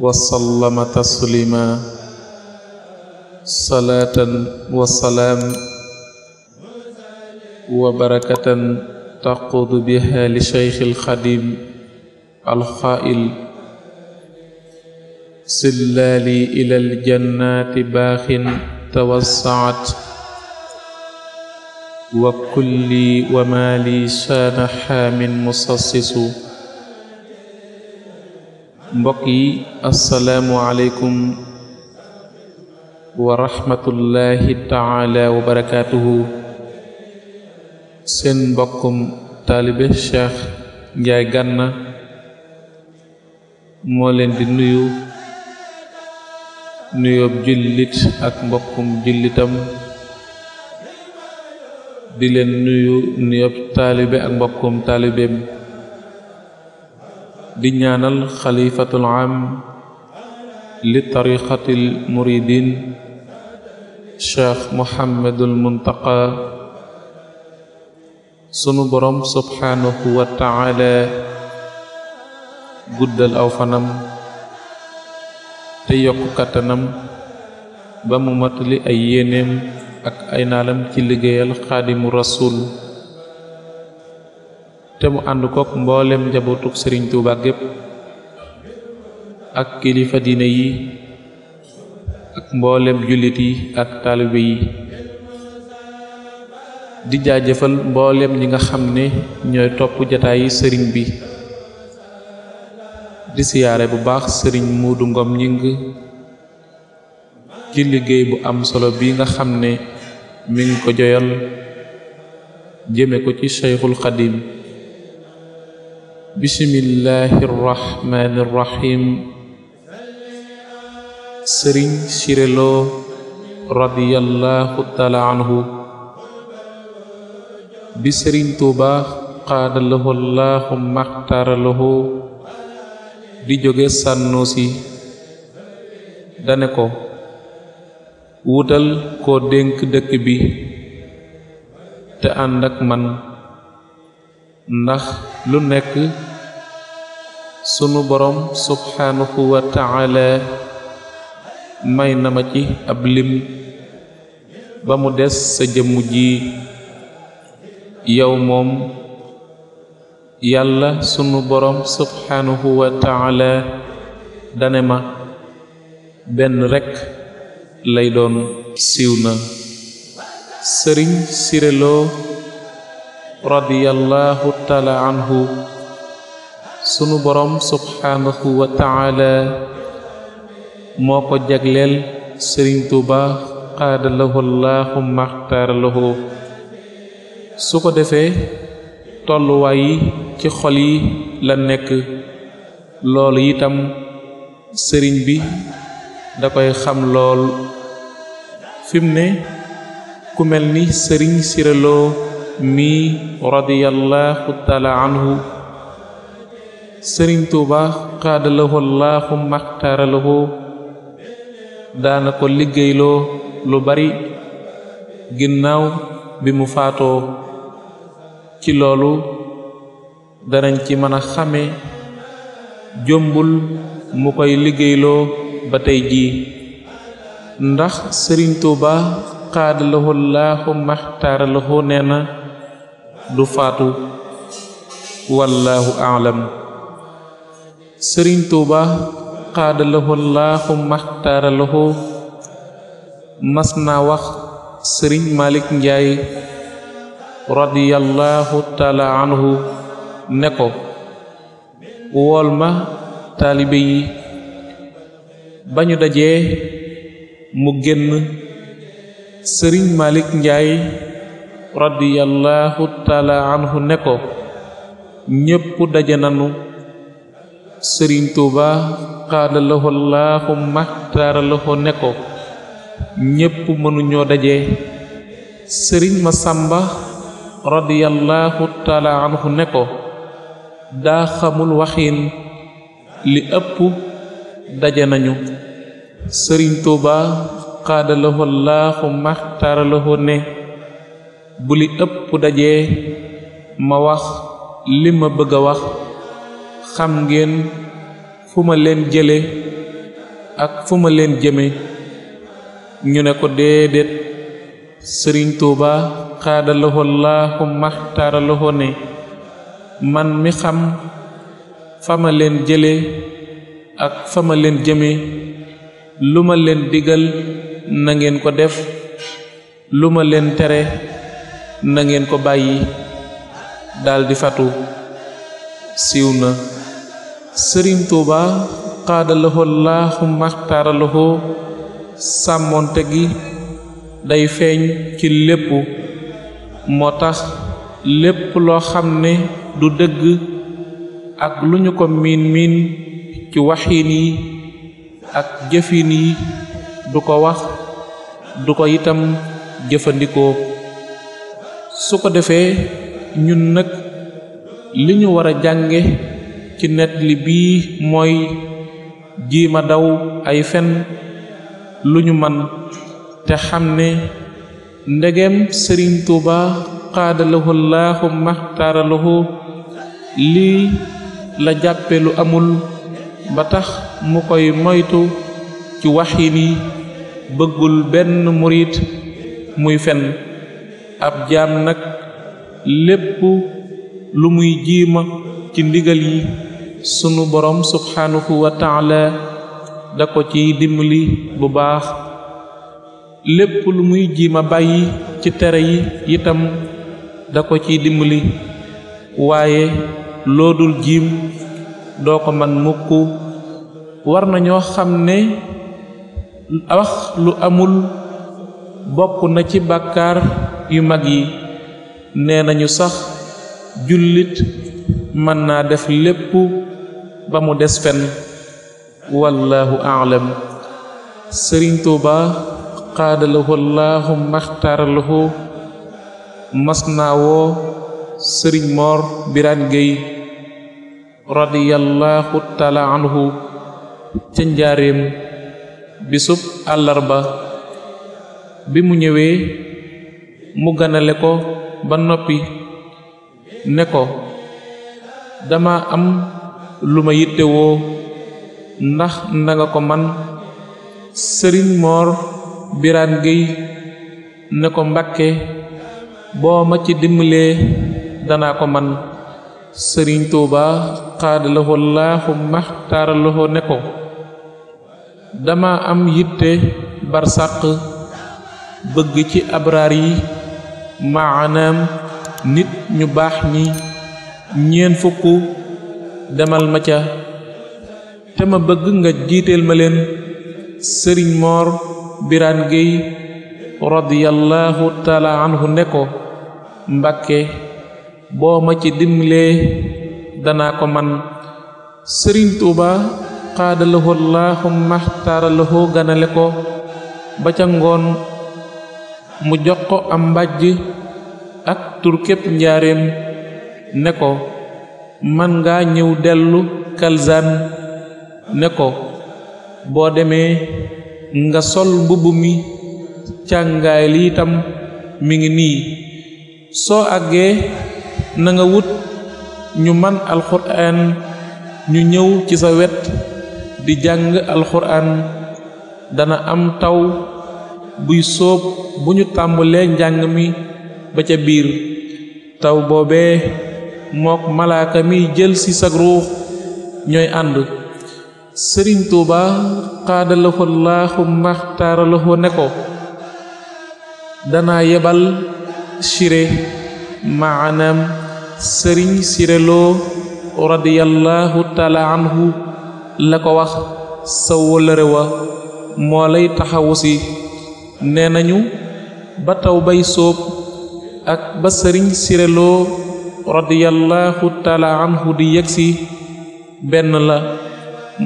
wasallama taslima salaatan wa salaam wa barakatan taqudu biha li cheikh alxadim alxail sillaali ila aljannati baaxin tawassaat wa kulli wa maali saana xaamin musassisu mbokk yi asalaamualeykum wa rahmatullahi taala wa seen mbokkum taalibe Cheikh Njaay Gànna moo leen di nuyu nuyoob jullit ak mbokkum jullitam di leen nuyu nuyoob taalibe ak mbokkum taalibeem di ñaanal xalifatul am li tariqatil muridin cheikh mohammadul muntaqa sunu borom subhaanahu wa taala guddal aw fanam te yokk ba mu matali ay yéeneem ak ay naalam ci liggéeyal xaadimu rasul te mu ànd kook mboolem njabootug sëriñ Tuuba gépp ak kilifa diine yi ak mboolem jullit yi ak taalibe yi di jaajëfal mboolem ñi nga xam ne ñooy topp jataayi sëriñ bi di siyaare bu baax sëriñ Muudu Ngom ñing ci liggéey bu am solo bi nga xam ne mu ngi ko joyal jëme ko ci Cheikhul Xadim bismillahi irrahmani irrahim sëriñ siréloo radiallahu taala anhu bi sëriñ tuuba xaadalahu allahu di jóge sànnu si dane ko wutal koo dénk dëkk bi te ànd ak man ndax lu nekk sunu borom subhanahu wa may na ma ci ab lim ba mu des sa jëmm ji yow moom yàlla sunu borom subhanahu wa dane ma benn rekk lay doon siiw na sëriñ sireloo radiyallahu taala anhu sunu borom subhaanahu wa moo ko jagleel sëriñ tuuba xaada lahu allahu maxtaara su ko defee tolluwaay yi ci xol yi la nekk loolu itam sëriñ bi da koy xam lool fi mu ku mel ni sëriñ siraloo mi radiyallahu taala anhu sëriñ tuuba xaadalahu allahu daana ko liggéeyloo lu bari ginnaaw bi mu faatoo ci loolu danañ ci mën a xame jombul mu koy liggéeyloo ba tey jii ndax sëriñ tuuba xaadalahu allahu maxtaaralahu nee na du faatu wallaahu aalam sëriñ tuuba xaada lahu laaxu maxtaara lahu mas naa wax sëriñ malik njaay radiyallahu taala anhu ne ko wool ma taalibe yi ba ñu dajee mu génn sëriñ malik njaay radiyallahu taala anhu ne ko ñépp daje nanu sëriñ tuuba qaala lahu allahumma taara ko ñépp mënuñoo daje sëriñ ma sàmba radiyallahu taala anhu ne ko daa xamul li ëpp daje nañu sëriñ tuuba qaala lahu allahumma taara buli li ëpp dajee ma wax li ma bëgg a wax xam ngeen fu ma leen jële ak fu ma leen jëme ñu ne ko déedéet sëriñ tuuba xaadaloxo laaxu maxtaaraloxo ne man mi xam fa ma leen jële ak fa ma leen jëme lu ma leen digal na ko def lu ma leen tere nangeen ko bàyyi daldi fatu siiw na sëriñ tuuba xaadalaxoo laaxu maxtaaralaxoo sàmmoonte gi day feeñ ci lépp moo tax lépp loo xam ne du dëgg ak lu ñu ko miin miin ci waxin yi ak jëfin yi du ko wax du ko itam jëfandikoo su ko defee ñun nag li ñu war a jànge ci nettali bii mooy jiima daw ay fen lu ñu man te xam ne ndegem sëriñ tuuba xaadalahu laahu maxtaaralahu lii la jàppe lu amul ba tax mu koy moytu ci waxin yi bëggul benn murit muy fenn ab jaam nag lépp lu muy jiima ci ndigal yi sunu borom subhanahu wa taala da ko ciy dimbali bu baax lépp lu muy jiima bàyyi ci tere yi itam da ko ciy dimbali waaye loo dul jiim doo ko man mukk war nañoo xam ne wax lu amul bokk na ci bàkkaar yu mag yi nee nañu sax jullit mën naa def lépp ba mu des fenn wallahu aalam sëriñ tuuba xaadalahu allahu maxtaaralahu mas naa woo sëriñ moor biraan géy radiyallahu taala ca njaareem bisub àllarba bi mu ñëwee mu ganale ko ba noppi ne ko dama am lu ma yittewoo ndax nanga ko man sëriñ moor biram géy ne ko mbàkke boo ma ci dimbalee danaa ko man sëriñ tuuba xaadalaxoo laaxu maxtaaralaxoo ne ko dama am yitte barsàq bëgg ci abraar yi maanaam nit ñu baax ñi ñeen fukk demal ma ca te ma bëgg nga jiiteel ma leen sëriñ moor biraan géy radiyallahu taala anhu ne ko mbàkke boo ma ci dimbalee danaa ko man sëriñ tuuba xaadalahoo laaxu maxtaaralahoo ganale ko ba ca ngoon mu jox ko am mbàjj ak turkeb njaareem ne ko man nga ñëw dellu kalzaan ne ko boo demee nga sol mbubb mi càngaay li itam mi ngi nii soo àggee na nga wut ñu man alxuraan ñu ñëw ci sa wet di jàng alxuraan dana am taw buy soob bu ñu tàmbalee njàng mi ba ca biir taw boobee mook malaaka mi jël ci sag ruux ñooy ànd sëriñ tuuba xaadalaho laaxu maxtaaralaho ne ko danaa yebal siré maanaam sëriñ siréloo radiyallahu taala la ko wax sa wólëre wa moo lay taxawu si nee nañu ba taw bay sóob ak ba sëriñ siréloo radiyallahu taala anhu di yegsi benn la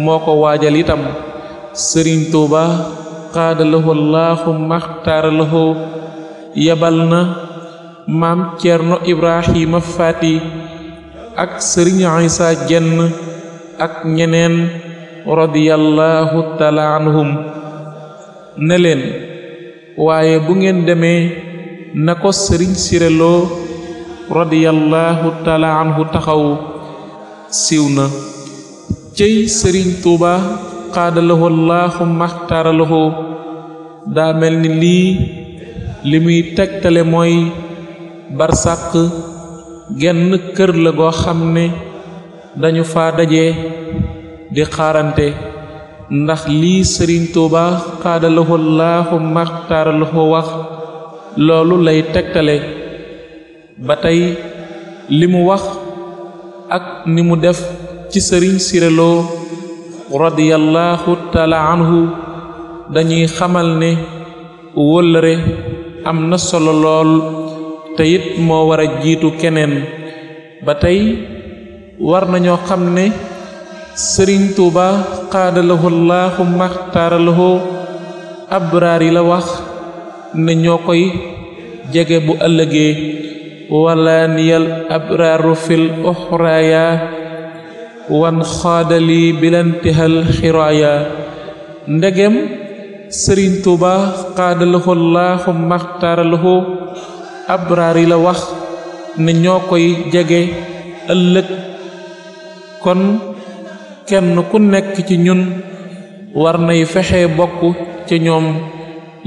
moo ko waajal itam sëriñ tuuba xaadalahu allahu maxtaaralahu yabal na maam ceerno ibrahima faati ak sëriñ isa jenn ak ñeneen radiyallahu taala anhum waaye bu ngeen demee na ko sëriñ siréloo radiyallahu taala anhu taxaw siiw na cëy sëriñ tuuba xaadalaho laaxu maxtaaralaho daa mel ni lii li muy tegtale mooy barsàq genn kër la goo xam ne dañu fa daje di xaarante ndax lii sëriñ Tuuba xaadalahu laahu maxtaaralahu wax loolu lay tegtale ba tey li mu wax ak ni mu def ci sëriñ siréloo radiyallahu taala anhu dañuy xamal ne wóllëre am na solo lool te it moo war jiitu keneen ba tey war nañoo xam ne sëriñ tuuba xaadalahu laaxu maxtaaralahu abraar yi la wax ne ñoo koy jege bu ëllëgee wala niyal abraaru fil uxraaya wan xaadali bilantihal xiraaya ndegem sëriñ tuuba xaadalahu laaxu maxtaaralahu abraar yi la wax ne ñoo koy jege ëllëg kon kenn ku nekk ci ñun war nay fexe bokk ci ñoom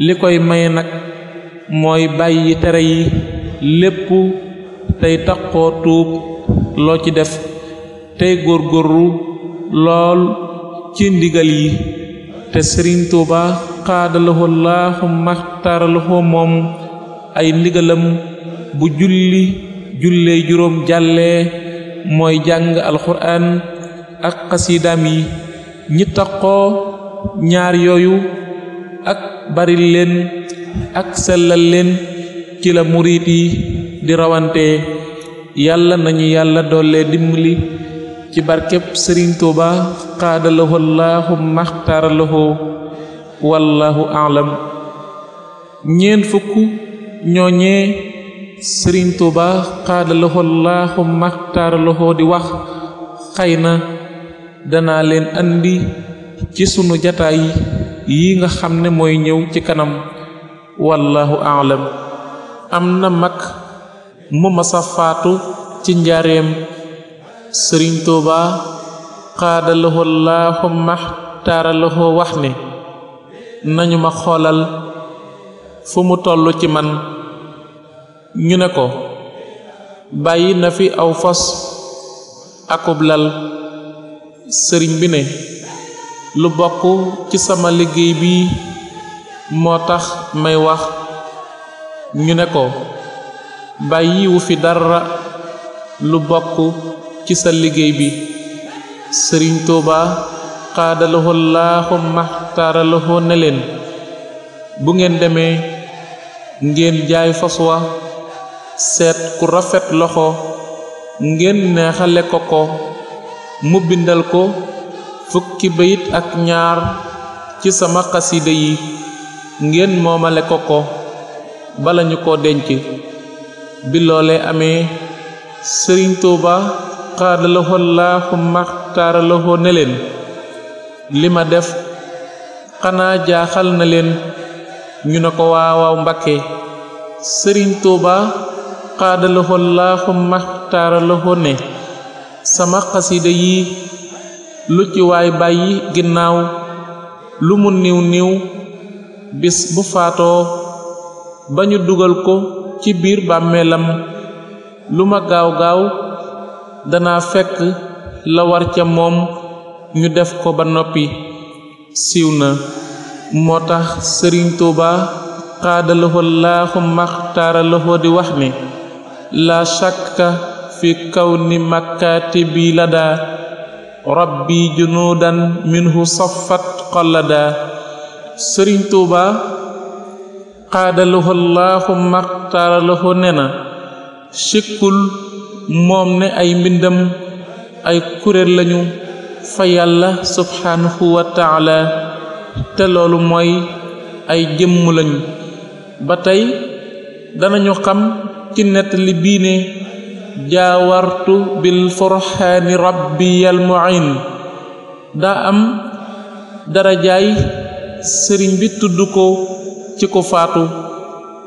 li koy may nag mooy bàyyi tere yi lépp tey taxoo tuub loo ci def tey góorgóorlu lool ci ndigal yi te sëriñ tuuba xaadalahu laahu maxtaaralahu moom ay ndigalam bu julli jullee juróom jàllee mooy jàng alxuraan ak xasiidaam yi ñi taqoo ñaar yooyu ak baril leen ak sellal leen ci la murit yi di rawante yàlla nañu yàlla doole dimbali ci barkeb sëriñ tuuba xaadalaho laahu maxtaaralaho wallaahu alam ñeen fukk ñooñee sëriñ tuuba xaadalaho laahu maxtaaralaho di wax xëy na danaa leen andi ci sunu jataay yi nga xam ne mooy ñëw ci kanam wallahu aalam am na mag mu masa faatu ci njaareem sëriñ tuuba xaadalaho laahumma taaralaho wax ne nañu ma xoolal fu mu toll ci man ñu ne ko bàyyi na fi aw fos akub sëriñ bi ne lu bokk ci sama liggéey bi moo tax may wax ñu ne ko bàyyiwu fi dara lu bokk ci sa liggéey bi sëriñ Tuuba xaadalahu laaxu maxtaaralahu ne leen bu ngeen demee ngeen jaay fas wa seet ku rafet loxo ngeen neexale ko ko mu bindal ko fukki bayit ak ñaar ci sama xasida yi ngeen moomale ko ko bala ñu ko denc bi loole amee sëriñ tuuba xaadalahoo laaxu maxtaaralahoo ne leen li ma def xanaa jaaxal na leen ñu ne ko waawaaw mbakke sëriñ tuuba xaadalahoo laaxu maxtaaralahoo ne sama xasida yi lu ci bàyyi ginnaaw lu mu niw niw bis bu faatoo ba ñu dugal ko ci biir bàmmeelam lu ma gaaw gaaw danaa fekk la war ca moom ñu def ko ba noppi siiw na moo tax sëriñ tuuba xaadalaxoo laaxu maxtaaralaxoo di wax ne la shakka في كون مكاتبي لدى ربي جنودا منه صفت قلدا سرين توبا قادله الله مختار له ننا شكل moom ne ay mbindam ay kuréel lañu fa yàlla subhanahu wa te loolu mooy ay jëmm lañu ba tey danañu xam ci nettali bii ne jaawartu bil furxaani rabbiyal muin daa am darajaay sëriñ bi tudd ko ci ko faatu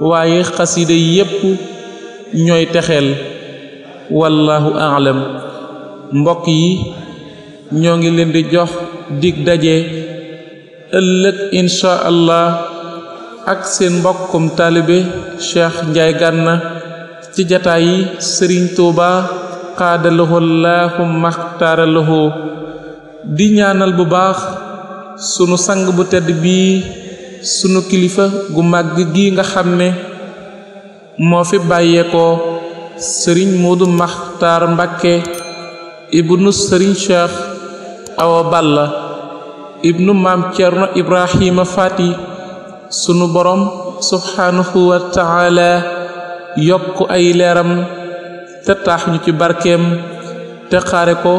waaye xasida yépp ñooy texeel wallahu aalam mbokk yi ñoo ngi leen di jox dig daje ëllëg insha allah ak seen mbokkum taalibe Cheikh Njaay Gànna ci jataayi sëriñ tuuba xaadaloho laahu maxtaaraloho di ñaanal bu baax sunu sang bu tedd bii sunu kilifa gu màgg gi nga xam ne moo fi bàyyeekoo sëriñ moodu maxtaar mbàkke ibnu sëriñ cheikh awa balla ibnu maam cerno ibrahima faati sunu borom subhaanahu wa yokk ay leeram te taax ñu ci barkeem te xaare ko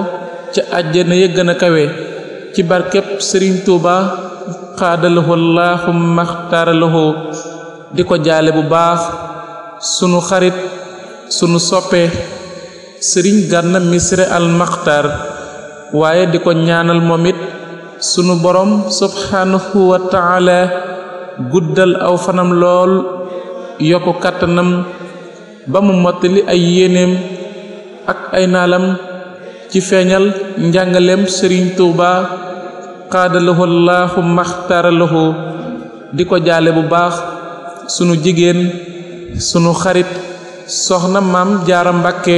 ca àjjana ya gën a kawe ci barkeb sëriñ tuuba xaadalahu allahumma xtaaralahu di ko jaale bu baax sunu xarit sunu soppe sëriñ gànna misre al maxtaar waaye di ko ñaanal moom it sunu boroom subhaanahu wa taala guddal aw fanam lool yokku kàttanam ba mu mottali ay yéeneem ak ay naalam ci feeñal njàngaleem sëriñ tuuba xaadalahu laaxu maxtaaralahu di ko jaale bu baax sunu jigéen sunu xarit soxna maam jaara mbàkke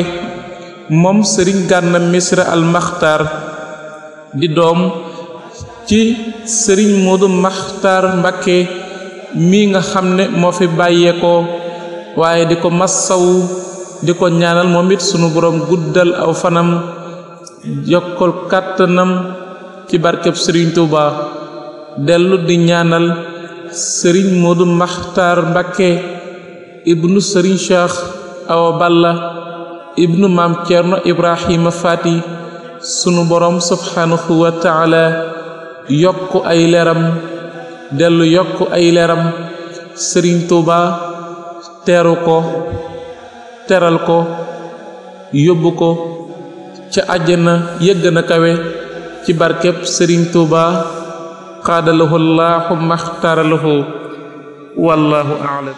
moom sëriñ gànna misra al maxtaar di doom ci sëriñ moodu maxtaar mbàkke nga xam ne moo fi bàyyeekoo waaye di ko massawu di ko ñaanal moom it sunu boroom guddal aw fanam yokkal kàttanam ci barkeb sëriñ Tuuba dellu di ñaanal sëriñ Moodu Maxtaar Mbakke ibnu sëriñ Cheikh Awa Balla ibnu maam Cerno Ibrahima Faati sunu boroom subhaanahu wa taala yokk ay leram dellu yokk ay leram sëriñ Tuuba teeru ko teral ko yóbbu ko ca àjjana yëgg na kawe ci barkeb sëriñ tuuba xaadalahu llaahu maxtaaralahu wallahu aalam